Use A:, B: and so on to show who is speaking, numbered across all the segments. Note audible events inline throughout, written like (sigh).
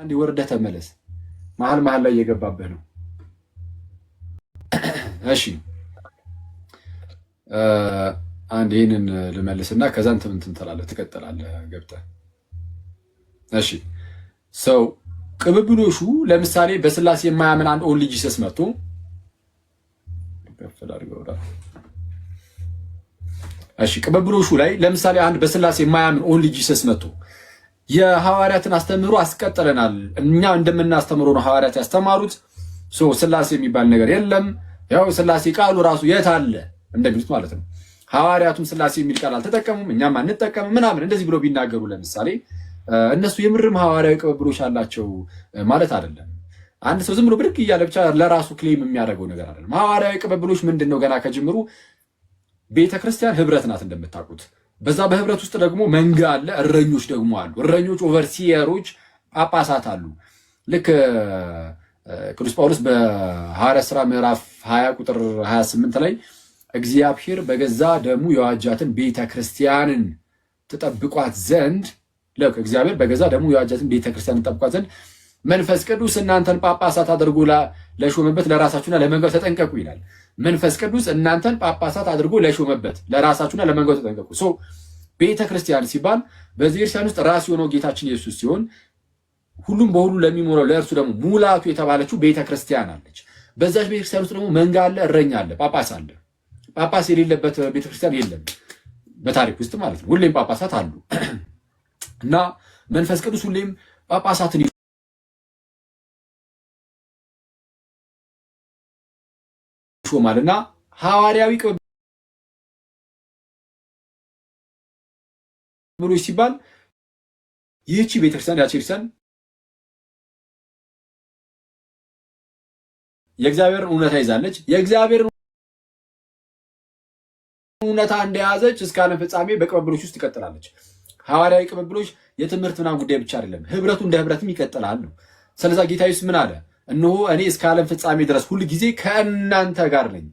A: አንድ ወርደ ተመለስ። መሀል መሀል ላይ እየገባብህ ነው። እሺ አንድ ይህንን ልመልስና ከዛን ትምንትን ትላለህ ትቀጥላለህ ገብተህ። እሺ ሰው ቅብብሎሹ ለምሳሌ በስላሴ የማያምን አንድ ኦንሊ ሰስ መጥቶ እሺ ቅብብሎሹ ላይ ለምሳሌ አንድ በስላሴ የማያምን ኦንሊ ሰስ መጥቶ የሐዋርያትን አስተምህሮ አስቀጥለናል። እኛ እንደምናስተምሮ ነው ሐዋርያት ያስተማሩት። ስላሴ የሚባል ነገር የለም። ያው ስላሴ ቃሉ ራሱ የት አለ እንደሚሉት ማለት ነው። ሐዋርያቱም ስላሴ የሚል ቃል አልተጠቀሙም፣ እኛም አንጠቀምም ምናምን እንደዚህ ብሎ ቢናገሩ ለምሳሌ እነሱ የምርም ሐዋርያዊ ቅብብሎች አላቸው ማለት አይደለም። አንድ ሰው ዝም ብሎ ብድግ እያለ ብቻ ለራሱ ክሌም የሚያደርገው ነገር አይደለም። ሐዋርያዊ ቅብብሎች ምንድን ነው? ገና ከጅምሩ ቤተክርስቲያን ህብረት ናት እንደምታውቁት በዛ በህብረት ውስጥ ደግሞ መንጋ አለ፣ እረኞች ደግሞ አሉ። እረኞች ኦቨርሲየሮች፣ ጳጳሳት አሉ። ልክ ቅዱስ ጳውሎስ በሐዋርያት ሥራ ምዕራፍ 20 ቁጥር 28 ላይ እግዚአብሔር በገዛ ደሙ የዋጃትን ቤተ ክርስቲያንን ትጠብቋት ዘንድ ለክ እግዚአብሔር በገዛ ደሙ የዋጃትን ቤተ ክርስቲያንን ትጠብቋት ዘንድ መንፈስ ቅዱስ እናንተን ጳጳሳት አድርጎ ለሾመበት ለራሳችሁና ለመንጋው ተጠንቀቁ ይላል። መንፈስ ቅዱስ እናንተን ጳጳሳት አድርጎ ለሾመበት ለራሳችሁና ለመንጋው ተጠንቀቁ። ቤተ ክርስቲያን ሲባል በዚህ ክርስቲያን ውስጥ ራስ የሆነው ጌታችን ኢየሱስ ሲሆን ሁሉም በሁሉ ለሚሞላው ለእርሱ ደግሞ ሙላቱ የተባለችው ቤተ ክርስቲያን አለች። በዛች ቤተ ክርስቲያን ውስጥ ደግሞ መንጋ አለ፣ እረኛ አለ፣ ጳጳስ አለ። ጳጳስ የሌለበት ቤተ ክርስቲያን የለም በታሪክ ውስጥ ማለት ነው። ሁሌም ጳጳሳት አሉ (clears throat) እና መንፈስ ቅዱስ ሁሌም ጳጳሳትን ይሾማል እና ሐዋርያዊ ቅብብሎች ሲባል ይህቺ ቤተክርስቲያን ያቺ ቤተክርስቲያን የእግዚአብሔርን እውነታ ይዛለች። የእግዚአብሔርን እውነታ እንደያዘች እስከ ዓለም ፍጻሜ በቅብብሎች ውስጥ ትቀጥላለች። ሐዋርያዊ ቅብብሎች የትምህርት ምናምን ጉዳይ ብቻ አይደለም፣ ህብረቱ እንደ ህብረትም ይቀጥላል ነው። ስለዛ ጌታ ኢየሱስ ምን አለ? እነሆ እኔ እስከ ዓለም ፍጻሜ ድረስ ሁል ጊዜ ከእናንተ ጋር ነኝ።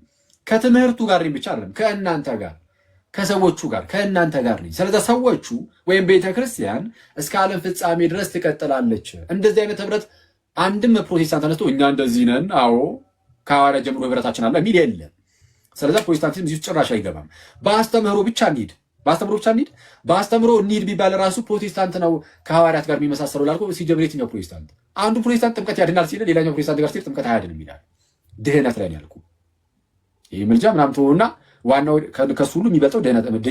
A: ከትምህርቱ ጋር ነኝ ብቻ አይደለም፣ ከእናንተ ጋር ከሰዎቹ ጋር ከእናንተ ጋር ነኝ። ስለዚ ሰዎቹ ወይም ቤተ ክርስቲያን እስከ ዓለም ፍጻሜ ድረስ ትቀጥላለች። እንደዚህ አይነት ህብረት አንድም ፕሮቴስታንት ተነስቶ እኛ እንደዚህ ነን፣ አዎ ከሐዋርያ ጀምሮ ህብረታችን አለ የሚል የለም። ስለዚ ፕሮቴስታንቲዝም እዚህ ጭራሽ አይገባም። በአስተምህሮ ብቻ እንሂድ በአስተምሮ ብቻ እንሂድ በአስተምሮ እንሂድ ቢባል ራሱ ፕሮቴስታንት ነው ከሐዋርያት ጋር የሚመሳሰለው ላልኩ ሲጀምር የትኛው ፕሮቴስታንት አንዱ ፕሮቴስታንት ጥምቀት ያድናል ሲል ሌላኛው ፕሮቴስታንት ጋር ሲል ጥምቀት አያድንም ይላል። ድህነት ላይ ያልኩ ይህ ምልጃ ምናምን ትሆኑና ዋናው ከሱ ሁሉ የሚበልጠው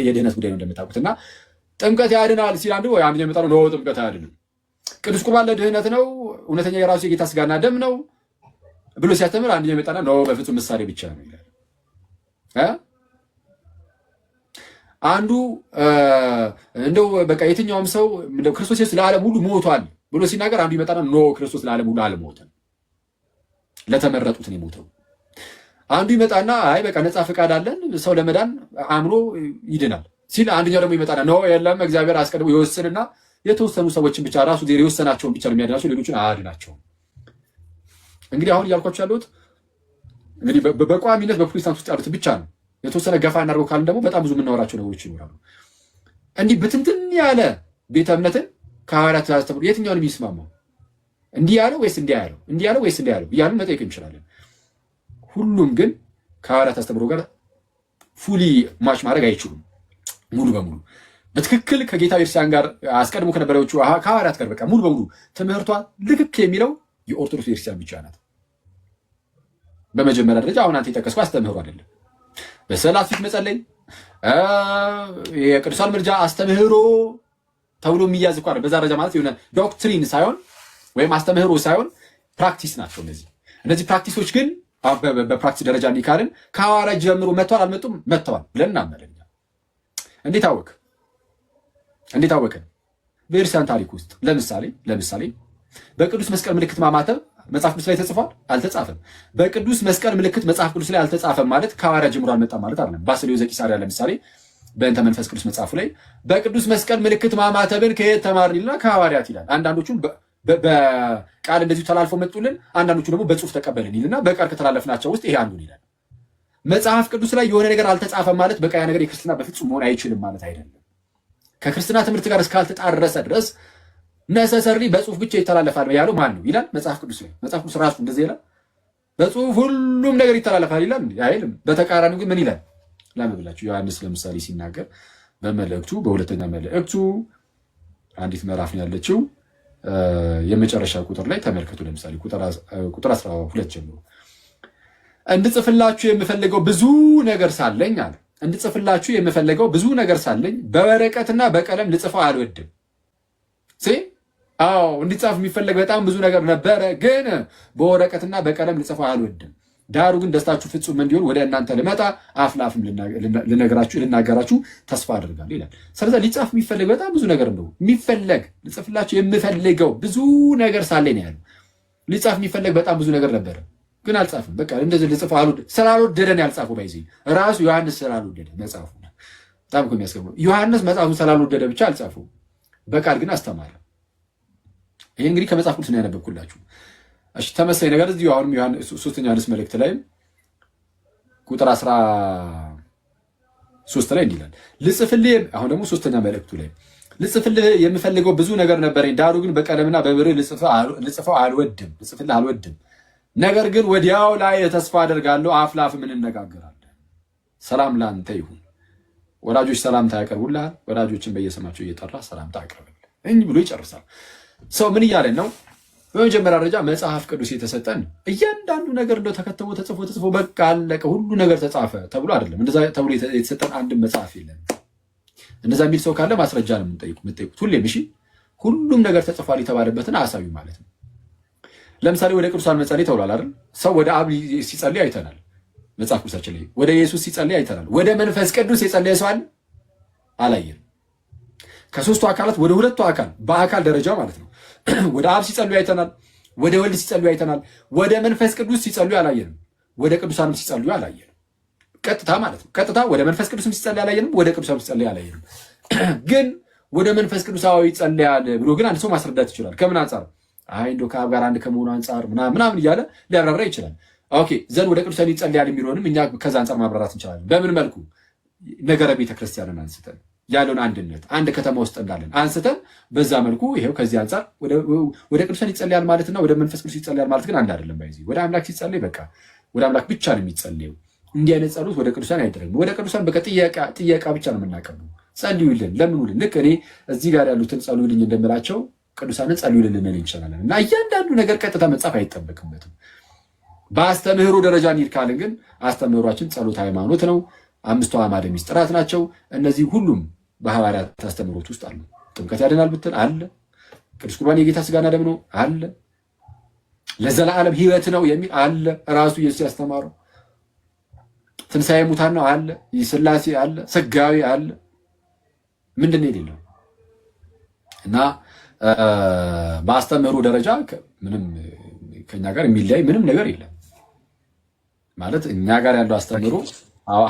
A: የድህነት ጉዳይ ነው እንደምታውቁት እና ጥምቀት ያድናል ሲል አንዱ ወይ የሚመጣ ነው ጥምቀት አያድንም ቅዱስ ቁርባን ለድህነት ነው፣ እውነተኛ የራሱ የጌታ ስጋና ደም ነው ብሎ ሲያስተምር አንደኛው የሚመጣና ነው በፍጹም ምሳሌ ብቻ ነው ይላል። አንዱ እንደው በቃ የትኛውም ሰው ክርስቶስ ኢየሱስ ለዓለም ሁሉ ሞቷል ብሎ ሲናገር አንዱ ይመጣና ኖ ክርስቶስ ለዓለም ሁሉ አልሞተም፣ ለተመረጡት ነው የሞተው። አንዱ ይመጣና አይ በቃ ነፃ ፈቃድ አለን ሰው ለመዳን አምኖ ይድናል ሲል፣ አንደኛው ደግሞ ይመጣና ኖ የለም እግዚአብሔር አስቀድሞ ይወስንና የተወሰኑ ሰዎችን ብቻ ራሱ የወሰናቸውን ብቻ ነው የሚያድናቸው፣ ሌሎችን አያድናቸውም። እንግዲህ አሁን እያልኳቸው ያለሁት እንግዲህ በቋሚነት በፕሮቴስታንት ውስጥ ያሉት ብቻ ነው የተወሰነ ገፋ እናድርገው ካልን ደግሞ በጣም ብዙ የምናወራቸው ነገሮች ይኖራሉ። እንዲህ ብትንትን ያለ ቤተ እምነትን ከሐዋርያት ትእዛዝ ተምሮ የትኛውን የሚስማማው እንዲህ ያለው ወይስ እንዲህ ያለው እንዲህ ያለው ወይስ እንዲህ ያለው እያልን መጠየቅ እንችላለን። ሁሉም ግን ከሐዋርያት አስተምሮ ጋር ፉሊ ማች ማድረግ አይችሉም። ሙሉ በሙሉ በትክክል ከጌታ ቤተክርስቲያን ጋር አስቀድሞ ከነበረዎቹ ከሐዋርያት ጋር በቃ ሙሉ በሙሉ ትምህርቷ ልክክ የሚለው የኦርቶዶክስ ቤተክርስቲያን ብቻ ናት። በመጀመሪያ ደረጃ አሁን አንተ የጠቀስኩ አስተምህሮ አይደለም። በሰላት ፊት መጸለይ የቅዱሳን ምልጃ አስተምህሮ ተብሎ የሚያዝ እኮ በዛ ደረጃ ማለት የሆነ ዶክትሪን ሳይሆን ወይም አስተምህሮ ሳይሆን ፕራክቲስ ናቸው እነዚህ እነዚህ ፕራክቲሶች ግን በፕራክቲስ ደረጃ እንዲካልን ከሐዋርያት ጀምሮ መጥተዋል አልመጡም መጥተዋል ብለን እናመለኛ እንዴት አወቅ እንዴት አወቅን በኢርሳን ታሪክ ውስጥ ለምሳሌ ለምሳሌ በቅዱስ መስቀል ምልክት ማማተብ መጽሐፍ ቅዱስ ላይ ተጽፏል? አልተጻፈም። በቅዱስ መስቀል ምልክት መጽሐፍ ቅዱስ ላይ አልተጻፈም ማለት ከሐዋርያ ጀምሮ አልመጣም ማለት አይደለም። ባስልዮስ ዘቂሳርያ ለምሳሌ በእንተ መንፈስ ቅዱስ መጽሐፉ ላይ በቅዱስ መስቀል ምልክት ማማተብን ከየት ተማርን ይልና ከሐዋርያት ይላል። አንዳንዶቹም በቃል እንደዚሁ ተላልፎ መጡልን፣ አንዳንዶቹ ደግሞ በጽሁፍ ተቀበልን ይልና በቃል ከተላለፍናቸው ውስጥ ይሄ አንዱን ይላል። መጽሐፍ ቅዱስ ላይ የሆነ ነገር አልተጻፈም ማለት በቃ ያ ነገር የክርስትና በፍጹም መሆን አይችልም ማለት አይደለም። ከክርስትና ትምህርት ጋር እስካልተጣረሰ ድረስ ነሰሰሪ በጽሁፍ ብቻ ይተላለፋል ያለው ማን ነው ይላል መጽሐፍ ቅዱስ ላይ። መጽሐፍ ቅዱስ ራሱ እንደዚህ ይላል፣ በጽሁፍ ሁሉም ነገር ይተላለፋል ይላል አይልም። በተቃራኒ ግን ምን ይላል? ላምብላችሁ ዮሐንስ ለምሳሌ ሲናገር በመልእክቱ በሁለተኛ መልእክቱ አንዲት ምዕራፍ ነው ያለችው የመጨረሻ ቁጥር ላይ ተመልከቱ። ለምሳሌ ቁጥር 12 ጀምሮ እንድጽፍላችሁ የምፈልገው ብዙ ነገር ሳለኝ አለ። እንድጽፍላችሁ የምፈልገው ብዙ ነገር ሳለኝ በወረቀትና በቀለም ልጽፈው አልወድም ሴ አዎ እንዲጻፍ የሚፈለግ በጣም ብዙ ነገር ነበረ፣ ግን በወረቀትና በቀለም ልጽፈው አልወድም። ዳሩ ግን ደስታችሁ ፍጹም እንዲሆን ወደ እናንተ ልመጣ አፍላፍም ለአፍም ልነግራችሁ ልናገራችሁ ተስፋ አድርጋለሁ ይላል። ስለዚ ሊጻፍ የሚፈለግ በጣም ብዙ ነገር ነው የሚፈለግ ልጽፍላችሁ የምፈልገው ብዙ ነገር ሳለ ነው ያለው። ሊጻፍ የሚፈለግ በጣም ብዙ ነገር ነበረ፣ ግን አልጻፍም። በቃ እንደዚህ ልጽፍ ስላልወደደን ያልጻፉ ባይዜ ራሱ ዮሐንስ ስላልወደደ መጽሐፉ በጣም የሚያስገርመው ዮሐንስ መጽሐፉ ስላልወደደ ብቻ አልጻፉ፣ በቃል ግን አስተማረ። ይሄ እንግዲህ ከመጽሐፍ ቅዱስ ነው ያነበብኩላችሁ። እሺ ተመሳሳይ ነገር እዚሁ አሁንም ሶስተኛ ዮሐንስ መልእክት ላይ ቁጥር አስራ ሶስት ላይ እንዲላል ልጽፍልህ አሁን ደግሞ ሶስተኛ መልእክቱ ላይ ልጽፍልህ የምፈልገው ብዙ ነገር ነበረኝ፣ ዳሩ ግን በቀለምና በብር ልጽፈው አልወድም ልጽፍልህ አልወድም። ነገር ግን ወዲያው ላይ ተስፋ አደርጋለሁ፣ አፍ ለአፍም እንነጋገራለን። ሰላም ለአንተ ይሁን። ወላጆች ሰላምታ ያቀርቡልሃል። ወላጆችን በየስማቸው እየጠራ ሰላምታ አቅርብልህ እኝ ብሎ ይጨርሳል። ሰው ምን እያለን ነው? በመጀመሪያ ደረጃ መጽሐፍ ቅዱስ የተሰጠን እያንዳንዱ ነገር እንደ ተከተቦ ተጽፎ ተጽፎ በቃ አለቀ ሁሉ ነገር ተጻፈ ተብሎ አይደለም። እንደዛ ተብሎ የተሰጠን አንድም መጽሐፍ የለም። እንደዛ የሚል ሰው ካለ ማስረጃ ነው የምጠይቁት ሁሌም። እሺ ሁሉም ነገር ተጽፏል የተባለበትን አሳዩ ማለት ነው። ለምሳሌ ወደ ቅዱሳን መጸለይ ተብሏል አይደል? ሰው ወደ አብ ሲጸልይ አይተናል መጽሐፍ ቅዱሳችን ላይ። ወደ ኢየሱስ ሲጸልይ አይተናል። ወደ መንፈስ ቅዱስ የጸለየ ሰው አለ? ከሶስቱ አካላት ወደ ሁለቱ አካል በአካል ደረጃ ማለት ነው። (clears throat) ወደ አብ ሲጸሉ አይተናል። ወደ ወልድ ሲጸሉ አይተናል። ወደ መንፈስ ቅዱስ ሲጸሉ አላየንም። ወደ ቅዱሳንም ሲጸሉ አላየንም። ቀጥታ ማለት ነው። ቀጥታ ወደ መንፈስ ቅዱስም ሲጸልይ አላየንም። ወደ ቅዱሳንም ሲጸልይ አላየንም። (clears throat) ግን ወደ መንፈስ ቅዱሳዊ ይጸልያል ብሎ ግን አንድ ሰው ማስረዳት ይችላል። ከምን አንጻር አይ እንዶ ከአብ ጋር አንድ ከመሆኑ አንጻር ምናምን እያለ ሊያብራራ ይችላል። ኦኬ ዘንድ ወደ ቅዱሳን ይጸልያል የሚለውንም እኛ ከዛ አንጻር ማብራራት እንችላለን። በምን መልኩ ነገረ ቤተክርስቲያንን አንስተን ያለውን አንድነት አንድ ከተማ ውስጥ እንዳለን አንስተን በዛ መልኩ ይሄው ከዚህ አንጻር ወደ ቅዱሳን ይጸልያል ማለትና ወደ መንፈስ ቅዱስ ይጸልያል ማለት ግን አንድ አይደለም። ባይዚ ወደ አምላክ ሲጸልይ በቃ ወደ አምላክ ብቻ ነው የሚጸልየው። እንዲህ አይነት ጸሎት ወደ ቅዱሳን አይደረግም። ወደ ቅዱሳን በቃ ጥያቄ ብቻ ነው የምናቀርበው። ጸልዩልን፣ ለምኑልን። ልክ እኔ እዚህ ጋር ያሉትን ጸልዩልኝ እንደምላቸው ቅዱሳንን ጸልዩልን ልንል እንችላለን። እና እያንዳንዱ ነገር ቀጥታ መጻፍ አይጠበቅበትም። በአስተምህሮ ደረጃ እንሂድ ካልን ግን አስተምህሯችን ጸሎት ሃይማኖት ነው። አምስቱ አዕማደ ምስጢራት ናቸው። እነዚህ ሁሉም በሐዋርያት አስተምህሮት ውስጥ አሉ። ጥምቀት ያድናል ብትል አለ። ቅዱስ ቁርባን የጌታ ስጋና ደም ነው አለ። ለዘላለም ህይወት ነው የሚል አለ። ራሱ ኢየሱስ ያስተማረው ትንሣኤ ሙታን ነው አለ። ስላሴ አለ። ስጋዊ አለ። ምንድን ነው የሌለው? እና በአስተምህሮ ደረጃ ምንም ከኛ ጋር የሚለያይ ምንም ነገር የለም ማለት እኛ ጋር ያለው አስተምህሮ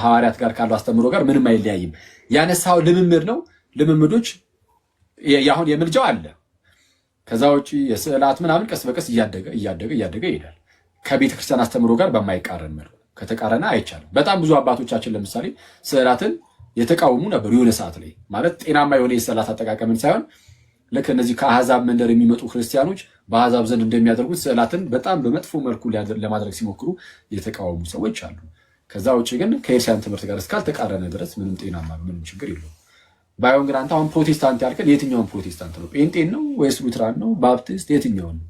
A: ሐዋርያት ጋር ካለው አስተምሮ ጋር ምንም አይለያይም። ያነሳው ልምምድ ነው። ልምምዶች አሁን የምልጃው አለ። ከዛ ውጭ የስዕላት ምናምን ቀስ በቀስ እያደገ እያደገ እያደገ ይሄዳል። ከቤተ ክርስቲያን አስተምሮ ጋር በማይቃረን መልኩ ከተቃረነ አይቻልም። በጣም ብዙ አባቶቻችን ለምሳሌ ስዕላትን የተቃወሙ ነበሩ። የሆነ ሰዓት ላይ ማለት ጤናማ የሆነ የስዕላት አጠቃቀምን ሳይሆን ልክ እነዚህ ከአህዛብ መንደር የሚመጡ ክርስቲያኖች በአሕዛብ ዘንድ እንደሚያደርጉት ስዕላትን በጣም በመጥፎ መልኩ ለማድረግ ሲሞክሩ የተቃወሙ ሰዎች አሉ። ከዛ ውጭ ግን ከኤርሲያን ትምህርት ጋር እስካልተቃረነ ድረስ ምንም ጤናማ ምንም ችግር የለውም። ባይሆን ግን አንተ አሁን ፕሮቴስታንት ያልከን የትኛውን ፕሮቴስታንት ነው? ጴንጤን ነው ወይስ ሉትራን ነው? ባፕቲስት የትኛውን? ነው?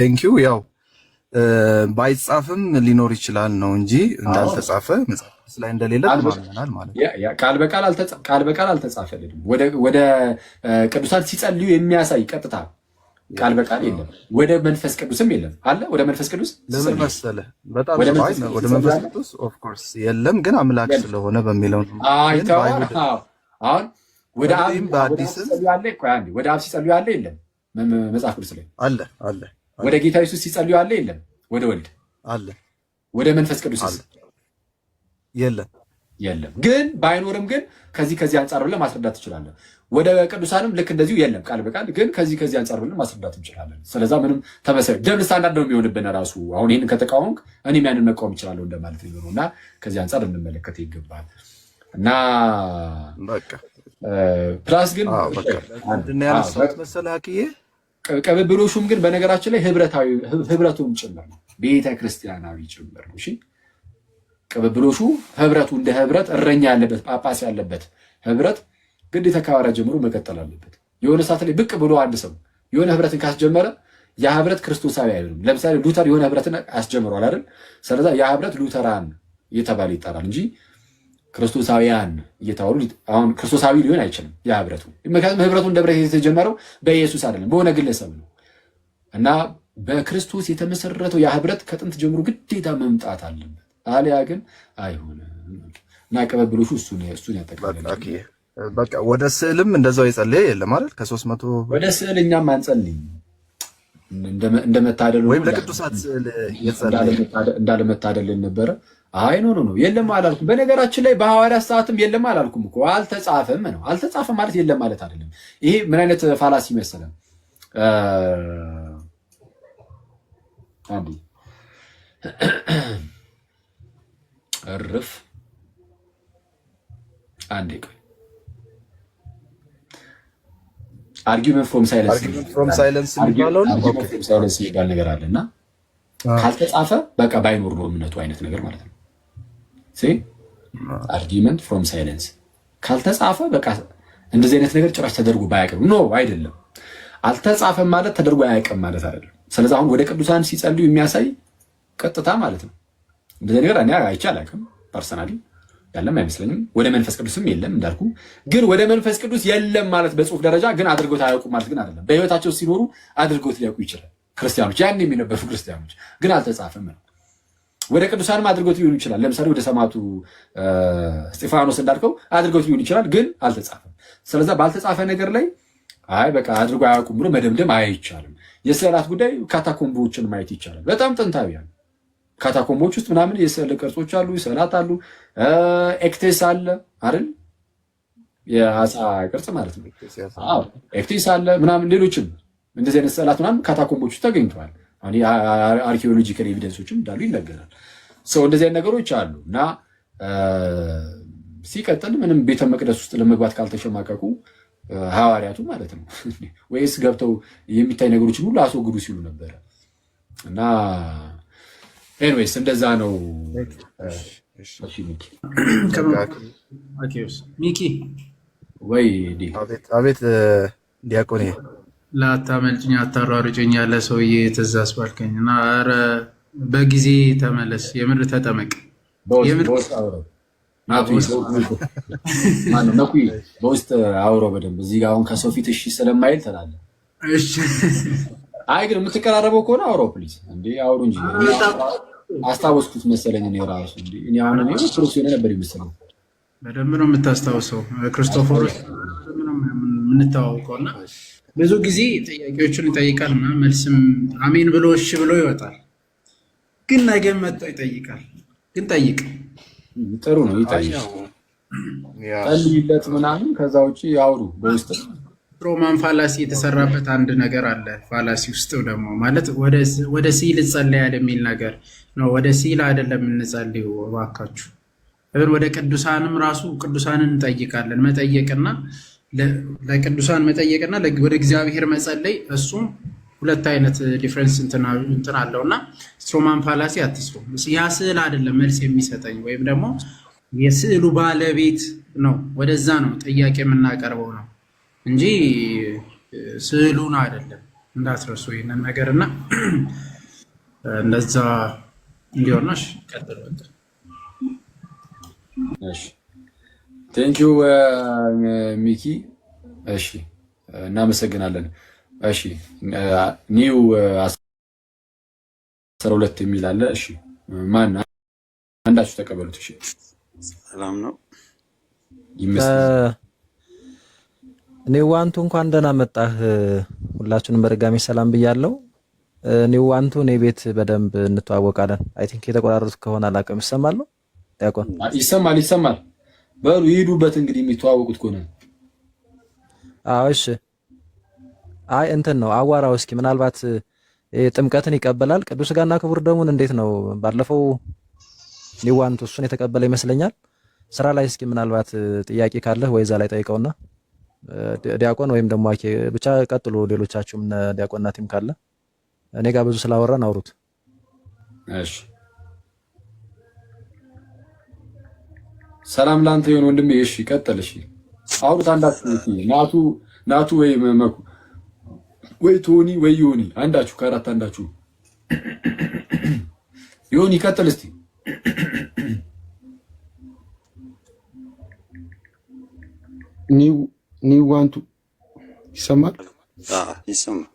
A: ቴንኪው ያው ባይጻፍም ሊኖር ይችላል ነው እንጂ እንዳልተጻፈ መጽሐፍ ላይ እንደሌለ ተማርናል ማለት ነው። ቃል በቃል አልተጻፈልንም። ወደ ቅዱሳት ሲጸልዩ የሚያሳይ ቀጥታ ቃል በቃል የለም። ወደ መንፈስ ቅዱስም የለም አለ። ወደ መንፈስ ቅዱስ ለምን መሰለህ? ወደ መንፈስ ቅዱስ ኦፍኮርስ የለም፣ ግን አምላክ ስለሆነ በሚለው አሁን ወደ ወደ አብ ሲጸልዩ አለ የለም? መጽሐፍ ቅዱስ ላይ አለ አለ። ወደ ጌታ ኢየሱስ ሲጸልዩ አለ የለም? ወደ ወልድ አለ። ወደ መንፈስ ቅዱስ አለ የለም የለም። ግን ባይኖርም ግን ከዚህ ከዚህ አንጻር ብለህ ማስረዳት ትችላለህ። ወደ ቅዱሳንም ልክ እንደዚሁ የለም ቃል በቃል ግን ከዚህ ከዚህ አንጻር ብለን ማስረዳት እንችላለን። ስለዛ ምንም ተመሰ ደብል ስታንዳርድ ነው የሚሆንብን ራሱ አሁን ይህን ከተቃወምክ እኔም ያንን መቃወም እችላለሁ እንደማለት ነው እና ከዚህ አንጻር እንመለከት ይገባል እና ፕላስ ግን ቅብብሎሹም ግን በነገራችን ላይ ህብረቱም ጭምር ነው ቤተ ክርስቲያናዊ ጭምር ነው። ቅብብሎሹ ህብረቱ እንደ ህብረት እረኛ ያለበት ጳጳስ ያለበት ህብረት ግዴታ ከሐዋርያ ጀምሮ መቀጠል አለበት። የሆነ ሰዓት ላይ ብቅ ብሎ አንድ ሰው የሆነ ህብረትን ካስጀመረ ያ ህብረት ክርስቶሳዊ አይሆንም። ለምሳሌ ሉተር የሆነ ህብረትን አስጀምሯል አይደል? ስለዛ ያ ህብረት ሉተራን እየተባለ ይጠራል እንጂ ክርስቶሳዊያን እየተባሉ አሁን ክርስቶሳዊ ሊሆን አይችልም ያ ህብረቱ። ምክንያቱም ህብረቱ እንደ ህብረት የተጀመረው በኢየሱስ አይደለም በሆነ ግለሰብ ነው እና በክርስቶስ የተመሰረተው ያ ህብረት ከጥንት ጀምሮ ግዴታ መምጣት አለበት። አሊያ ግን አይሆንም እና ቀበብሎሹ እሱን ያጠቃልላል። በቃ ወደ ስዕልም እንደዛው የጸለየ የለም አይደል? ከሦስት መቶ ወደ ስዕል እኛም አንጸልይም። እንደ መታደል ወይም ለቅዱሳት ስዕል እንዳለመታደል ነበረ። አይ ኖ ኖ ኖ የለም አላልኩም። በነገራችን ላይ በሐዋርያት ሰዓትም የለም አላልኩም እኮ አልተጻፈም ነው። አልተጻፈም ማለት የለም ማለት አይደለም። ይሄ ምን አይነት ፋላሲ መሰለን እርፍ አንዴ ቆይ አርጊመንት ፍሮም ሳይለንስ የሚባል ነገር አለ እና ካልተጻፈ በቃ ባይኖር ነው እምነቱ አይነት ነገር ማለት ነው። አርጊመንት ፍሮም ሳይለንስ ካልተጻፈ በቃ እንደዚህ አይነት ነገር ጭራሽ ተደርጎ ባያቅም ኖ አይደለም። አልተጻፈም ማለት ተደርጎ አያቅም ማለት አይደለም። ስለዚህ አሁን ወደ ቅዱሳን ሲጸልዩ የሚያሳይ ቀጥታ ማለት ነው። እንደዚህ ነገር እኔ አይቼ ፐርሰናሊ ያለም አይመስለኝም። ወደ መንፈስ ቅዱስም የለም እንዳልኩ። ግን ወደ መንፈስ ቅዱስ የለም ማለት በጽሁፍ ደረጃ ግን አድርጎት አያውቁም ማለት ግን አይደለም። በህይወታቸው ሲኖሩ አድርጎት ሊያውቁ ይችላል። ክርስቲያኖች ያን የሚነበሩ ክርስቲያኖች ግን አልተጻፈም ነው። ወደ ቅዱሳንም አድርጎት ሊሆን ይችላል። ለምሳሌ ወደ ሰማዕቱ እስጢፋኖስ እንዳልከው አድርጎት ሊሆን ይችላል፣ ግን አልተጻፈም። ስለዛ ባልተጻፈ ነገር ላይ አይ በቃ አድርጎ አያውቁም ብሎ መደምደም አይቻልም። የስዕላት ጉዳይ ካታኮምቦችን ማየት ይቻላል። በጣም ጥንታዊያን ካታኮምቦች ውስጥ ምናምን የስዕል ቅርጾች አሉ፣ ስዕላት አሉ፣ ኤክቴስ አለ አይደል? የአሳ ቅርጽ ማለት ነው። ኤክቴስ አለ ምናምን፣ ሌሎችም እንደዚህ አይነት ስዕላት ምናምን ካታኮምቦች ውስጥ ተገኝተዋል። አርኪኦሎጂካል ኤቪደንሶችም እንዳሉ ይነገራል። ሰው እንደዚህ አይነት ነገሮች አሉ እና ሲቀጥል ምንም ቤተ መቅደስ ውስጥ ለመግባት ካልተሸማቀቁ ሐዋርያቱ ማለት ነው (laughs) ወይስ ገብተው የሚታይ ነገሮችን ሁሉ አስወግዱ ሲሉ ነበረ እና ኤንዌይስ እንደዛ ነው። ሚኪ ወይ አቤት፣ ዲያቆኔ
B: ላታመልጭኝ አታሯሩጭኝ ያለ ሰውዬ ትዝ አስባልከኝ እና ኧረ በጊዜ ተመለስ። የምር ተጠመቅ።
A: በውስጥ አውሮ በደንብ እዚህ አሁን ከሰው ፊት እሺ ስለማይል ትላለህ። አይ ግን የምትቀራረበው ከሆነ አውሮ ፕሊዝ፣ እንዴ አውሩ እንጂ አስታወስኩት መሰለኝ። እኔ ራሱ እኔ አሁን እኔ ክርስቶስ የሆነ ነበር ይመስለኝ።
B: በደንብ ነው የምታስታውሰው። ክርስቶፎሮስ የምንተዋውቀውና ብዙ ጊዜ ጥያቄዎቹን ይጠይቃል እና መልስም አሜን ብሎ እሺ ብሎ ይወጣል። ግን ነገም መጥቶ ይጠይቃል። ግን ጠይቅ
A: ጥሩ ነው ይጠይቅ ጠልይለት ምናምን። ከዛ ውጭ ያውሩ በውስጥ
B: ሮማን ፋላሲ የተሰራበት አንድ ነገር አለ። ፋላሲ ውስጥ ደግሞ ማለት ወደ ሲል ይጸለያል የሚል ነገር ነው። ወደ ሲል አይደለም እንጸልዩ እባካችሁ። ወደ ቅዱሳንም ራሱ ቅዱሳንን እንጠይቃለን። መጠየቅና ለቅዱሳን መጠየቅና ወደ እግዚአብሔር መጸለይ እሱም ሁለት አይነት ዲፍረንስ እንትን አለው እና ሮማን ፋላሲ አትስሩ። ያ ስዕል አይደለም መልስ የሚሰጠኝ ወይም ደግሞ የስዕሉ ባለቤት ነው። ወደዛ ነው ጥያቄ የምናቀርበው ነው እንጂ ስዕሉን አይደለም እንዳትረሱ ይህንን ነገር እና (clears throat) እንደዛ እንዲሆናሽ ቀጥል።
A: ቴንኪው ሚኪ። እሺ እናመሰግናለን። እሺ ኒው አስራ ሁለት የሚል አለ። እሺ ማን አንዳችሁ ተቀበሉት። እሺ ሰላም ነው ይመስላል ኔዋንቱ እንኳን ደህና መጣህ። ሁላችሁንም በድጋሚ ሰላም ብያለሁ። ኔዋንቱ እኔ ቤት በደንብ እንተዋወቃለን። አይ ቲንክ የተቆራረጥ ከሆነ አላውቅም። ነው ዲያቆን ይሰማል፣ ይሰማል። በሉ ይሄዱበት እንግዲህ የሚተዋወቁት ከሆነ አዎ። እሺ። አይ እንትን ነው አዋራው። እስኪ ምናልባት ጥምቀትን ይቀበላል ቅዱስ ሥጋና ክቡር ደሙን እንዴት ነው? ባለፈው ኔዋንቱ እሱን የተቀበለ ይመስለኛል። ስራ ላይ እስኪ ምናልባት ጥያቄ ካለህ ወይ እዛ ላይ ጠይቀውና ዲያቆን ወይም ደግሞ አኬ ብቻ ቀጥሎ ሌሎቻችሁም ዲያቆን ናቲም ካለ እኔ ጋር ብዙ ስላወራን አውሩት። እሺ ሰላም ላንተ ይሁን ወንድሜ። እሺ ቀጥል። እሺ አውሩት። አንዳችሁ ናቱ ናቱ ወይ መመኩ ወይ ቶኒ ወይ ዮኒ አንዳችሁ ከአራት አንዳችሁ ዮኒ ቀጥል እስቲ ኒው ኒዋንቱ ይሰማል ይሰማል።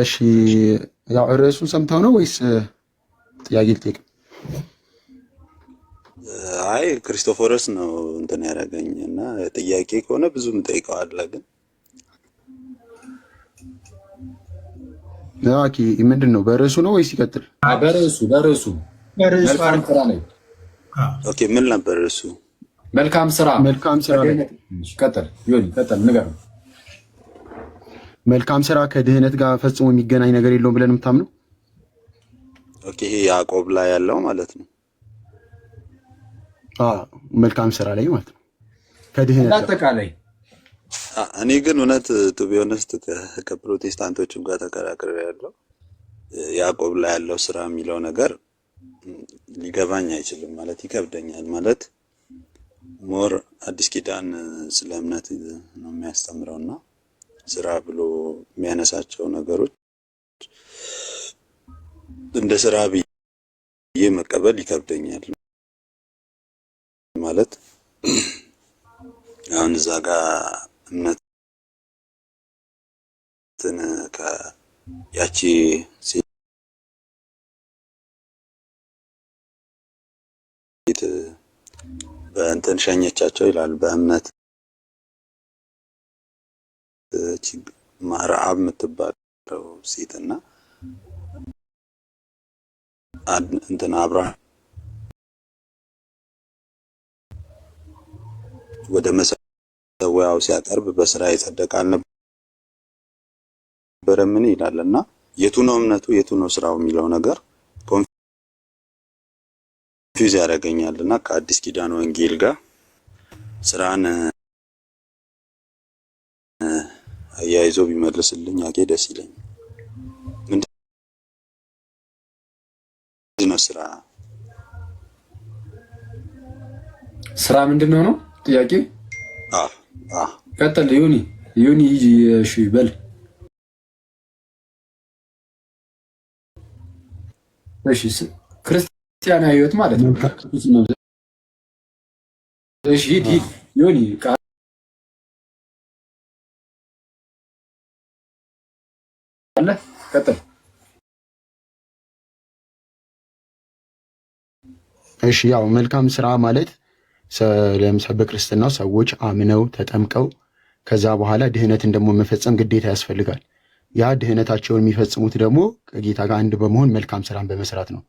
A: እሺ ያው ርዕሱን ሰምተው ነው ወይስ ጥያቄ ልጠይቅ? አይ ክርስቶፎረስ ነው እንትን ያደረገኝ እና ጥያቄ ከሆነ ብዙም ጠይቀዋለ። ግን ኦኬ ምንድን ነው በርዕሱ ነው ወይስ ይቀጥል? በርዕሱ በርዕሱ በርዕሱ ምን ነበር ርዕሱ? መልካም ስራ መልካም ስራ ቀጥል ቀጥል ንገር መልካም ስራ ከድህነት ጋር ፈጽሞ የሚገናኝ ነገር የለውም ብለን የምታምነው ይሄ ያዕቆብ ላይ ያለው ማለት ነው። መልካም ስራ ላይ ማለት ነው ከድህነት አጠቃላይ። እኔ ግን እውነት ቱቢዮነስት ከፕሮቴስታንቶችም ጋር ተከራክሬ ያለው ያዕቆብ ላይ ያለው ስራ የሚለው ነገር ሊገባኝ አይችልም ማለት ይከብደኛል ማለት ሞር አዲስ ኪዳን ስለ እምነት ነው የሚያስተምረው እና ስራ ብሎ የሚያነሳቸው ነገሮች እንደ ስራ ብዬ መቀበል ይከብደኛል። ማለት አሁን እዛ ጋር እምነትን ያቺ ሴት በእንትን ሸኘቻቸው ይላል። በእምነት ረዓብ የምትባለው ሴት እና እንትን አብራ ወደ መሰዊያው ሲያቀርብ በስራ የጸደቀ አልነበረምን ይላል እና የቱ ነው እምነቱ የቱ ነው ስራው የሚለው ነገር ፊዝ ያደርገኛል እና ከአዲስ ኪዳን ወንጌል ጋር ስራን አያይዞ ቢመልስልኝ አጌ ደስ ይለኝ። ምንድን ነው ስራ ስራ ምንድን ነው ነው ጥያቄ? ቀጥል ዮኒ ዮኒ እሺ በል እሺ ክርስቲያና ህይወት ማለት ነው። እሺ ሂድ ሂድ ዮኒ አለ ቀጥል። እሺ ያው መልካም ስራ ማለት በክርስትና ሰዎች አምነው ተጠምቀው ከዛ በኋላ ድህነትን ደግሞ መፈጸም ግዴታ ያስፈልጋል። ያ ድህነታቸውን የሚፈጽሙት ደግሞ ከጌታ ጋር አንድ በመሆን መልካም ስራን በመስራት ነው።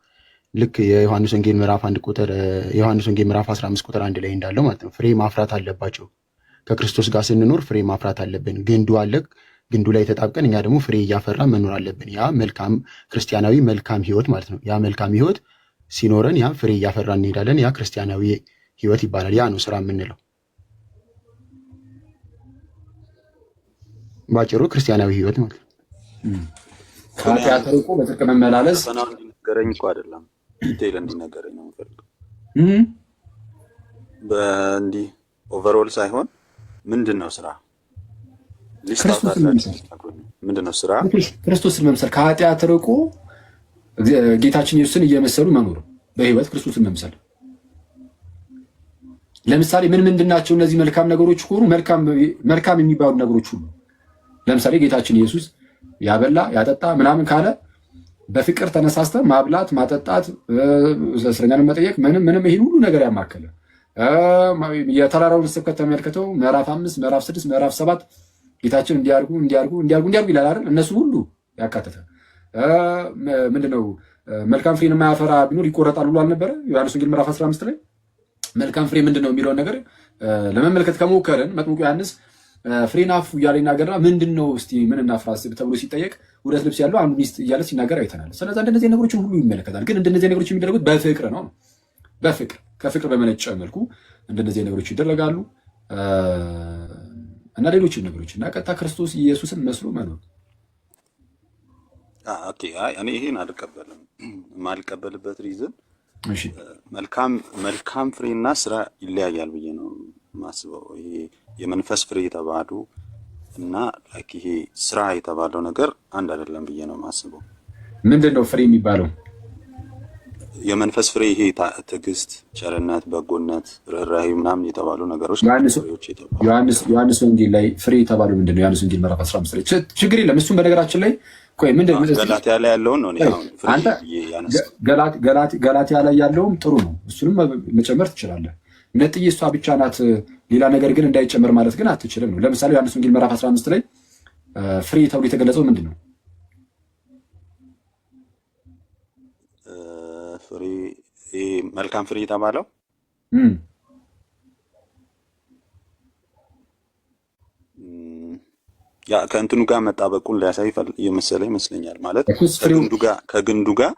A: ልክ የዮሐንስ ወንጌል ምዕራፍ አንድ ቁጥር የዮሐንስ ወንጌል ምዕራፍ 15 ቁጥር አንድ ላይ እንዳለው ማለት ነው። ፍሬ ማፍራት አለባቸው። ከክርስቶስ ጋር ስንኖር ፍሬ ማፍራት አለብን። ግንዱ አለ። ግንዱ ላይ ተጣብቀን እኛ ደግሞ ፍሬ እያፈራ መኖር አለብን። ያ መልካም ክርስቲያናዊ መልካም ህይወት ማለት ነው። ያ መልካም ህይወት ሲኖረን ያ ፍሬ እያፈራ እንሄዳለን። ያ ክርስቲያናዊ ህይወት ይባላል። ያ ነው ስራ የምንለው ባጭሩ ክርስቲያናዊ ህይወት ማለት ነው። ከኃጢአት ርቆ በጽድቅ መመላለስ ነገረኝ እኮ አይደለም ዲቴይል እንዲነገረኝ ነው የምፈልገው። በእንዲህ ኦቨርኦል ሳይሆን ምንድን ነው ስራ ምንድን ነው ስራ? ክርስቶስን መምሰል ከኃጢአት ርቆ ጌታችን ኢየሱስን እየመሰሉ መኖር በህይወት ክርስቶስን መምሰል። ለምሳሌ ምን ምንድን ናቸው እነዚህ መልካም ነገሮች ከሆኑ መልካም የሚባሉ ነገሮች ሁሉ ለምሳሌ ጌታችን ኢየሱስ ያበላ ያጠጣ ምናምን ካለ በፍቅር ተነሳስተ ማብላት፣ ማጠጣት፣ እስረኛን መጠየቅ ምንም ምንም ይሄን ሁሉ ነገር ያማከለ የተራራውን ስብከት ተመልክተው ምዕራፍ አምስት ምዕራፍ ስድስት ምዕራፍ ሰባት ጌታችን እንዲያርጉ እንዲያርጉ እንዲያርጉ እንዲያርጉ ይላል አይደል? እነሱ ሁሉ ያካተተ ምንድነው? መልካም ፍሬን የማያፈራ ቢኖር ይቆረጣል ብሎ አልነበረ? ዮሐንስ ወንጌል ምዕራፍ 15 ላይ መልካም ፍሬ ምንድነው የሚለውን ነገር ለመመልከት ከሞከርን መጥምቁ ዮሐንስ ፍሬናፍ እያለ ይናገርና ምንድን ነው ስ ምን እናፍራስ ተብሎ ሲጠየቅ ሁለት ልብስ ያለው አንዱ ሚስት እያለ ሲናገር አይተናል። ስለዚ እንደነዚህ ነገሮችን ሁሉ ይመለከታል። ግን እንደነዚህ ነገሮች የሚደረጉት በፍቅር ነው። በፍቅር ከፍቅር በመነጨ መልኩ እንደነዚህ ነገሮች ይደረጋሉ እና ሌሎችም ነገሮች እና ቀጥታ ክርስቶስ ኢየሱስን መስሎ መኖር እኔ ይሄን አልቀበልም። የማልቀበልበት ሪዝን መልካም ፍሬና ስራ ይለያያል ብዬ ነው ማስበው ይሄ የመንፈስ ፍሬ የተባሉ እና ላይክ ይሄ ስራ የተባለው ነገር አንድ አይደለም ብዬ ነው ማስበው። ምንድን ነው ፍሬ የሚባለው? የመንፈስ ፍሬ ይሄ ትዕግስት፣ ቸርነት፣ በጎነት፣ ርኅራሄ ምናምን የተባሉ ነገሮች ዮሐንስ ወንጌል ላይ ፍሬ የተባሉ ምንድን ነው? ዮሐንስ ወንጌል ምዕራፍ 15 ላይ ችግር የለም እሱም በነገራችን ላይ ገላትያ ላይ ያለውን ነው ገላትያ ላይ ያለውም ጥሩ ነው። እሱንም መጨመር ትችላለህ። ነጥይ እሷ ብቻ ናት፣ ሌላ ነገር ግን እንዳይጨመር ማለት ግን አትችልም ነው። ለምሳሌ ዮሐንስ ወንጌል ምዕራፍ 15 ላይ ፍሬ ተብሎ የተገለጸው ምንድን ነው? ፍሬ መልካም ፍሬ የተባለው ያ ከእንትኑ ጋር መጣበቁን ሊያሳይ የመሰለ ይመስለኛል። ማለት ከግንዱ ጋር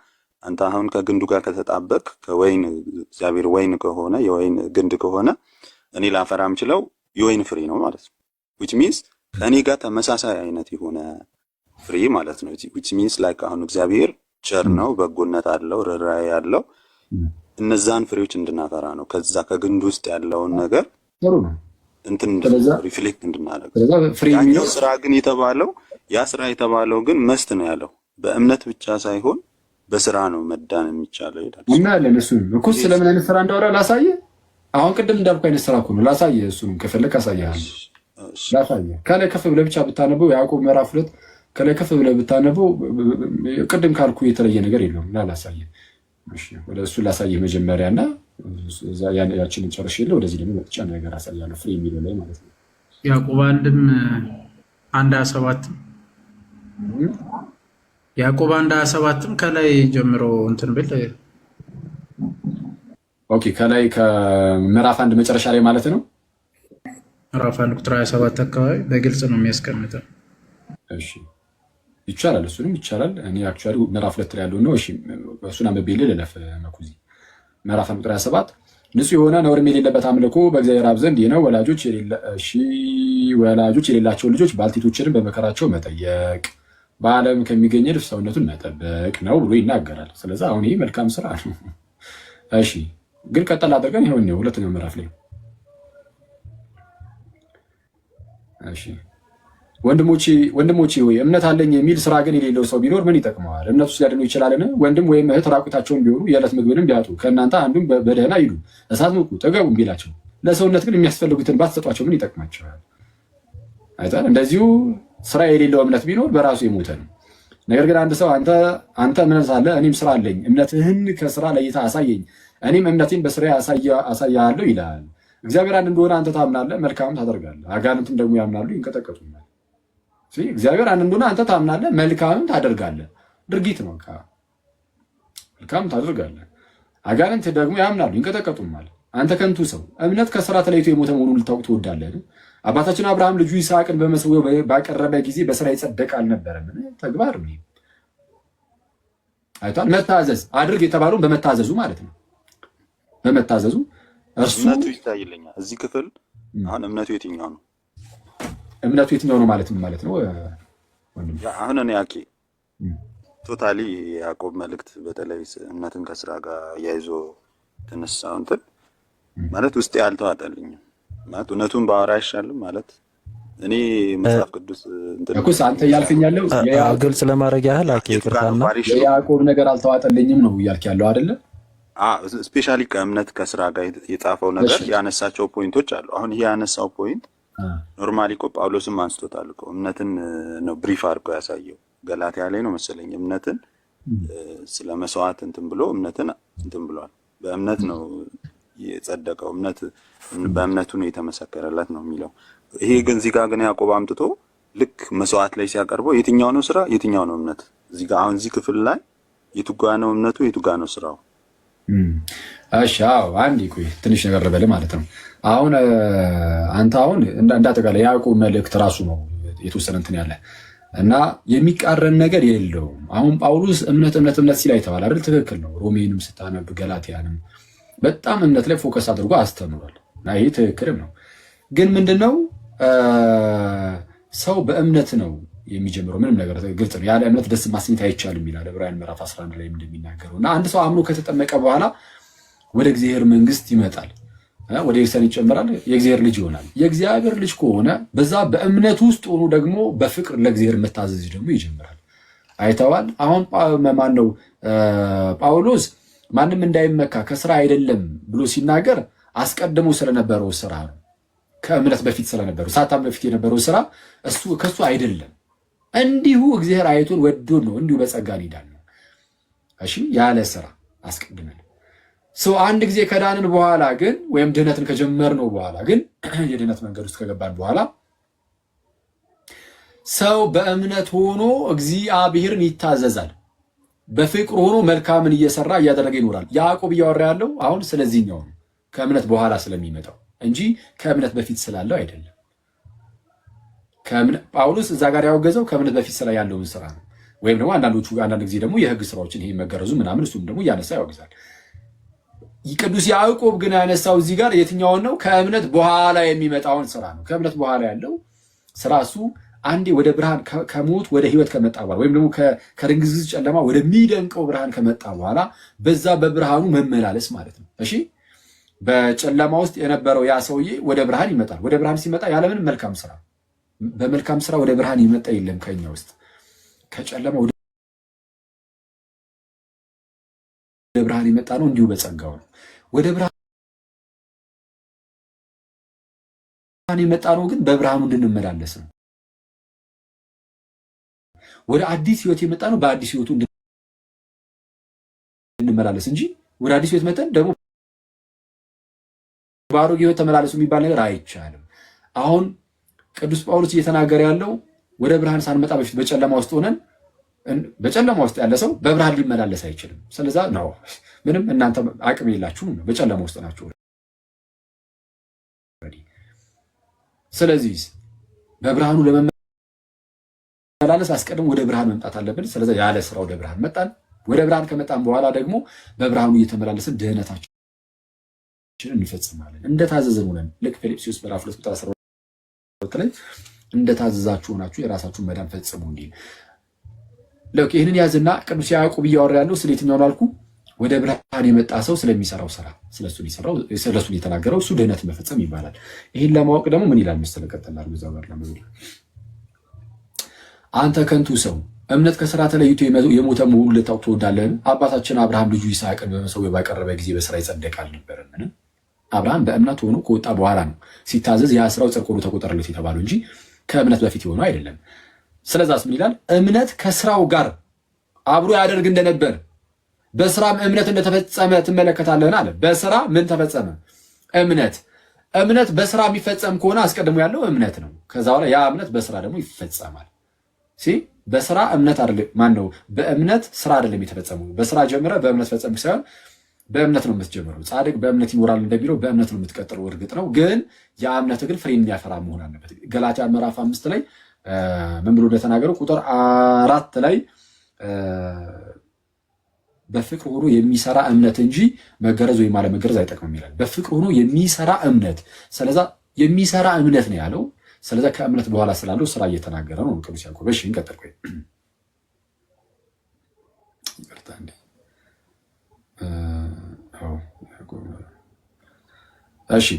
A: አንተ አሁን ከግንዱ ጋር ከተጣበቅ ከወይን እግዚአብሔር ወይን ከሆነ የወይን ግንድ ከሆነ እኔ ላፈራ የምችለው የወይን ፍሬ ነው ማለት ነው። ዊች ሚንስ ከእኔ ጋር ተመሳሳይ አይነት የሆነ ፍሬ ማለት ነው። ዊች ሚንስ ላይክ አሁን እግዚአብሔር ቸር ነው፣ በጎነት አለው፣ ርኅራኄ ያለው እነዛን ፍሬዎች እንድናፈራ ነው። ከዛ ከግንድ ውስጥ ያለውን ነገር እንትን ሪፍሌክት እንድናደርግ። ያኛው ስራ ግን የተባለው ያ ስራ የተባለው ግን መስት ነው ያለው በእምነት ብቻ ሳይሆን በስራ ነው መዳን የሚቻለው ይላል እና ያለን እሱ እኮ ስለምን አይነት ስራ እንዳወራ ላሳየ። አሁን ቅድም እንዳልኩ አይነት ስራ እኮ ነው ላሳየ። እሱን ከፈለግ አሳያለሁ። ላሳየ ከላይ ከፍ ብለህ ብቻ ብታነበው ያዕቆብ ምዕራፍ ሁለት ከላይ ከፍ ብለህ ብታነበው ቅድም ካልኩ የተለየ ነገር የለውም እና ላሳየ ወደ እሱ ላሳየ መጀመሪያ እና ያችን ጨርሼ የለ ወደዚህ ደግሞ መጥጫ ነገር አሳያለሁ። ፍሬ የሚለው ላይ ማለት ነው ያዕቆብ አንድም አንድ ሀያ ሰባት ያዕቆብ አንድ ሀያ ሰባትም ከላይ ጀምሮ እንትን ብል ኦኬ፣ ከላይ ከምዕራፍ አንድ መጨረሻ ላይ ማለት ነው። ምዕራፍ አንድ ቁጥር ሀያ ሰባት አካባቢ በግልጽ ነው የሚያስቀምጠው። እሺ ይቻላል፣ እሱንም ይቻላል። እኔ አክቹዋሊ ምዕራፍ ሁለት ላይ ያለውን ነው። እሺ እሱን አንብቤልህ ልለፍ። መኩዚ ምዕራፍ አንድ ቁጥር ሀያ ሰባት ንጹህ የሆነ ነውርም የሌለበት አምልኮ በእግዚአብሔር አብ ዘንድ ይህ ነው። ወላጆች የሌላቸውን ልጆች ባልቴቶችንም በመከራቸው መጠየቅ በዓለም ከሚገኝ ድፍ ሰውነቱን መጠበቅ ነው ብሎ ይናገራል። ስለዚ አሁን ይህ መልካም ስራ ነው። እሺ ግን ቀጠል አድርገን ይሆን ሁለተኛው ምዕራፍ ላይ እሺ ወንድሞቼ እምነት አለኝ የሚል ስራ ግን የሌለው ሰው ቢኖር ምን ይጠቅመዋል? እምነቱ ሊያድነው ይችላልን? ወንድም ወይም እህት ራቁታቸውን ቢሆኑ የዕለት ምግብንም ቢያጡ ከእናንተ አንዱም በደህና ይሉ እሳት ሙቁ ጠገቡ ቢላቸው ለሰውነት ግን የሚያስፈልጉትን ባትሰጧቸው ምን ይጠቅማቸዋል? እንደዚሁ ስራ የሌለው እምነት ቢኖር በራሱ የሞተ ነው። ነገር ግን አንድ ሰው አንተ እምነት አለ እኔም ስራ አለኝ፣ እምነትህን ከስራ ለይታ አሳየኝ፣ እኔም እምነቴን በስራ አሳያለሁ ይላል። እግዚአብሔር አንድ እንደሆነ አንተ ታምናለህ፣ መልካም ታደርጋለህ። አጋንንትም ደግሞ ያምናሉ፣ ይንቀጠቀጡናል። እግዚአብሔር አንድ እንደሆነ አንተ ታምናለህ፣ መልካምም ታደርጋለህ። ድርጊት ነው። መልካም ታደርጋለህ። አጋንንት ደግሞ ያምናሉ፣ ይንቀጠቀጡማል። አንተ ከንቱ ሰው እምነት ከስራ ተለይቶ የሞተ መሆኑን ልታውቅ ትወዳለህ። አባታችን አብርሃም ልጁ ይስሐቅን በመሰዊያው ባቀረበ ጊዜ በስራ ይጸደቅ አልነበረም። ተግባር አይቷል። መታዘዝ አድርግ የተባለውን በመታዘዙ ማለት ነው። በመታዘዙ እምነቱ ይታይልኛል። እዚህ ክፍል አሁን እምነቱ የትኛው ነው? እምነቱ የትኛው ነው ማለት ነው ማለት ነው። አሁን እኔ ያቄ ቶታሊ የያዕቆብ መልእክት በተለይ እምነትን ከስራ ጋር አያይዞ ተነሳው ማለት ውስጤ ያልተዋጠልኝም ማለት እውነቱን ባወራ አይሻልም ማለት እኔ መጽሐፍ ቅዱስ ኩስ አንተ እያልከኝ ያለው ግልጽ ለማድረግ ያህል አኬ ይቅርታና የያዕቆብ ነገር አልተዋጠልኝም ነው እያልክ ያለው አይደለ? ስፔሻሊ ከእምነት ከስራ ጋር የጻፈው ነገር ያነሳቸው ፖይንቶች አሉ። አሁን ይሄ ያነሳው ፖይንት ኖርማሊ እኮ ጳውሎስም አንስቶታል እኮ እምነትን ነው ብሪፍ አድርጎ ያሳየው። ገላትያ ላይ ነው መሰለኝ እምነትን ስለ መስዋዕት እንትን ብሎ እምነትን እንትን ብሏል። በእምነት ነው የጸደቀው እምነት በእምነቱ ነው የተመሰከረለት ነው የሚለው። ይሄ ግን እዚህ ጋር ግን ያዕቆብ አምጥቶ ልክ መስዋዕት ላይ ሲያቀርበው የትኛው ነው ስራ፣ የትኛው ነው እምነት? እዚህ ጋር አሁን እዚህ ክፍል ላይ የቱጋ ነው እምነቱ፣ የቱጋ ነው ስራው? እሺ አዎ፣ አንድ ቆይ ትንሽ ነገር ልበል ማለት ነው። አሁን አንተ አሁን እንዳጠቃላይ ያዕቆብ መልእክት ራሱ ነው የተወሰነ እንትን ያለ እና የሚቃረን ነገር የለውም። አሁን ጳውሎስ እምነት እምነት እምነት ሲል አይተዋል አይደል? ትክክል ነው። ሮሜንም ስታነብ ገላትያንም በጣም እምነት ላይ ፎከስ አድርጎ አስተምሯል። ይህ ትክክልም ነው። ግን ምንድነው ሰው በእምነት ነው የሚጀምረው። ምንም ነገር ግልጽ ነው። ያለ እምነት ደስ ማስኘት አይቻልም ይላል ዕብራውያን ምዕራፍ 11 ላይ እንደሚናገረው እና አንድ ሰው አምኖ ከተጠመቀ በኋላ ወደ እግዚአብሔር መንግስት ይመጣል፣ ወደ ኤርሰን ይጨምራል፣ የእግዚአብሔር ልጅ ይሆናል። የእግዚአብሔር ልጅ ከሆነ በዛ በእምነት ውስጥ ሆኖ ደግሞ በፍቅር ለእግዚአብሔር መታዘዝ ደግሞ ይጀምራል። አይተዋል። አሁን ማን ነው ጳውሎስ ማንም እንዳይመካ ከስራ አይደለም ብሎ ሲናገር አስቀድሞ ስለነበረው ስራ ነው። ከእምነት በፊት ስለነበረው ሳታም በፊት የነበረው ስራ እሱ ከሱ አይደለም። እንዲሁ እግዚአብሔር አይቶን ወዶን ነው እንዲሁ በጸጋ ሊዳን ነው። እሺ ያለ ስራ አስቀድመን ሰው አንድ ጊዜ ከዳንን በኋላ ግን ወይም ድህነትን ነው በኋላ ግን (clears throat) የድህነት መንገድ ውስጥ ከገባን በኋላ ሰው በእምነት ሆኖ እግዚአብሔርን ይታዘዛል። በፍቅር ሆኖ መልካምን እየሰራ እያደረገ ይኖራል። ያዕቆብ እያወራ ያለው አሁን ስለዚህኛው ነው፣ ከእምነት በኋላ ስለሚመጣው እንጂ ከእምነት በፊት ስላለው አይደለም። ጳውሎስ እዛ ጋር ያወገዘው ከእምነት በፊት ስላ ያለውን ስራ ነው። ወይም ደግሞ አንዳንዶቹ አንዳንድ ጊዜ ደግሞ የህግ ስራዎችን ይሄ መገረዙ ምናምን እሱም ደግሞ እያነሳ ያወግዛል። ቅዱስ ያዕቆብ ግን ያነሳው እዚህ ጋር የትኛውን ነው? ከእምነት በኋላ የሚመጣውን ስራ ነው። ከእምነት በኋላ ያለው ስራ እሱ አንዴ ወደ ብርሃን ከሞት ወደ ህይወት ከመጣ በኋላ ወይም ደግሞ ከድንግዝግዝ ጨለማ ወደሚደንቀው ብርሃን ከመጣ በኋላ በዛ በብርሃኑ መመላለስ ማለት ነው። እሺ በጨለማ ውስጥ የነበረው ያ ሰውዬ ወደ ብርሃን ይመጣል። ወደ ብርሃን ሲመጣ ያለምንም መልካም ስራ፣ በመልካም ስራ ወደ ብርሃን ይመጣ የለም ከኛ ውስጥ ከጨለማ ወደ ብርሃን ይመጣ ነው። እንዲሁ በጸጋው ነው ወደ ብርሃን የመጣ ነው። ግን በብርሃኑ እንድንመላለስ ነው። ወደ አዲስ ህይወት የመጣ ነው በአዲስ ህይወቱ እንመላለስ እንጂ ወደ አዲስ ህይወት መጠን ደግሞ በአሮጌ ህይወት ተመላለሱ የሚባል ነገር አይቻልም። አሁን ቅዱስ ጳውሎስ እየተናገረ ያለው ወደ ብርሃን ሳንመጣ በፊት በጨለማ ውስጥ ሆነን በጨለማ ውስጥ ያለ ሰው በብርሃን ሊመላለስ አይችልም። ስለዛ ነው (laughs) ምንም እናንተ አቅም የላችሁም፣ በጨለማ ውስጥ ናችሁ። ስለዚህ በብርሃኑ ለመመ መላለስ አስቀድሞ ወደ ብርሃን መምጣት አለብን። ስለዚ ያለ ስራ ወደ ብርሃን መጣን። ወደ ብርሃን ከመጣን በኋላ ደግሞ በብርሃኑ እየተመላለስን ድህነታችን እንፈጽማለን። እንደታዘዝን ሆነን ልክ ፊልጵስዩስ ምዕራፍ ሁለት ቁጥር አስራ ሁለት ላይ እንደታዘዛችሁ ሆናችሁ የራሳችሁን መዳን ፈጽሙ እንዲል ለውቅ ይህንን ያዝና ቅዱስ ያዕቆብ እያወራ ያለው ስለ ነው አልኩ ወደ ብርሃን የመጣ ሰው ስለሚሰራው ስራ ስለሱ የተናገረው እሱ ድህነት መፈጸም ይባላል። ይህን ለማወቅ ደግሞ ምን ይላል መሰለህ? ቀጠል አድርጎ እዛው ጋር ለመዞር አንተ ከንቱ ሰው እምነት ከስራ ተለይቶ የሞተ መሆኑን ልታውቅ ትወዳለህን? አባታችን አብርሃም ልጁ ይስሐቅን በመሰዊያ ባቀረበ ጊዜ በስራ ይጸደቅ አልነበረምን? አብርሃም በእምነት ሆኖ ከወጣ በኋላ ነው ሲታዘዝ ያ ስራው ጽድቅ ሆኖ ተቆጠረለት የተባለው እንጂ ከእምነት በፊት የሆነው አይደለም። ስለዛስ ምን ይላል? እምነት ከስራው ጋር አብሮ ያደርግ እንደነበር በስራም እምነት እንደተፈጸመ ትመለከታለህን አለ። በስራ ምን ተፈጸመ? እምነት። እምነት በስራ የሚፈጸም ከሆነ አስቀድሞ ያለው እምነት ነው። ከዛ በኋላ ያ እምነት በስራ ደግሞ ይፈጸማል። በስራ እምነት አይደለም ማን ነው? በእምነት ስራ አይደለም የተፈጸመው። በስራ ጀምረ በእምነት ፈጸም ሳይሆን በእምነት ነው የምትጀምረው። ጻድቅ በእምነት ይኖራል እንደሚለው በእምነት ነው የምትቀጥለው። እርግጥ ነው ግን ያ እምነት ግን ፍሬ የሚያፈራ መሆን አለበት። ገላትያ ምዕራፍ አምስት ላይ ምን ብሎ እንደተናገረው ቁጥር አራት ላይ በፍቅር ሆኖ የሚሰራ እምነት እንጂ መገረዝ ወይም አለመገረዝ አይጠቅምም ይላል። በፍቅር ሆኖ የሚሰራ እምነት ስለዛ የሚሰራ እምነት ነው ያለው ስለዚ ከእምነት በኋላ ስላለው ስራ እየተናገረ ነው ቅዱስ ያዕቆብ። እሺ እንቀጥል። ቆይ እሺ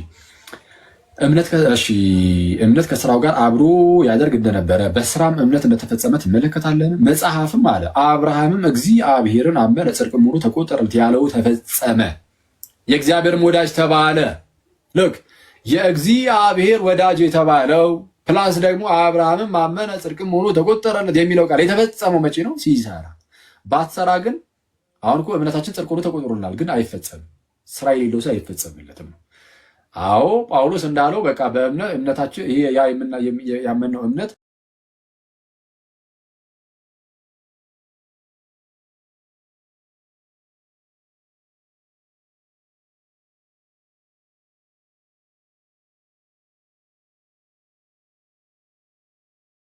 A: እምነት ከስራው ጋር አብሮ ያደርግ እንደነበረ በስራም እምነት እንደተፈጸመ ትመለከታለን። መጽሐፍም አለ አብርሃምም እግዚአብሔርን አመነ ጽድቅም ሆኖ ተቆጠረለት ያለው ተፈጸመ፣ የእግዚአብሔርም ወዳጅ ተባለ። ልክ የእግዚአብሔር ወዳጅ የተባለው ፕላስ ደግሞ አብርሃምን ማመነ ጽድቅም ሆኖ ተቆጠረለት የሚለው ቃል የተፈጸመው መቼ ነው? ሲሰራ። ባትሰራ ግን አሁን እኮ እምነታችን ጽድቅ ሆኖ ተቆጥሮናል፣ ግን አይፈጸምም። ስራ የሌለው ሰው አይፈጸምለትም ነው። አዎ ጳውሎስ እንዳለው በቃ በእምነታችን ይሄ ያ የምናየው ያመነው እምነት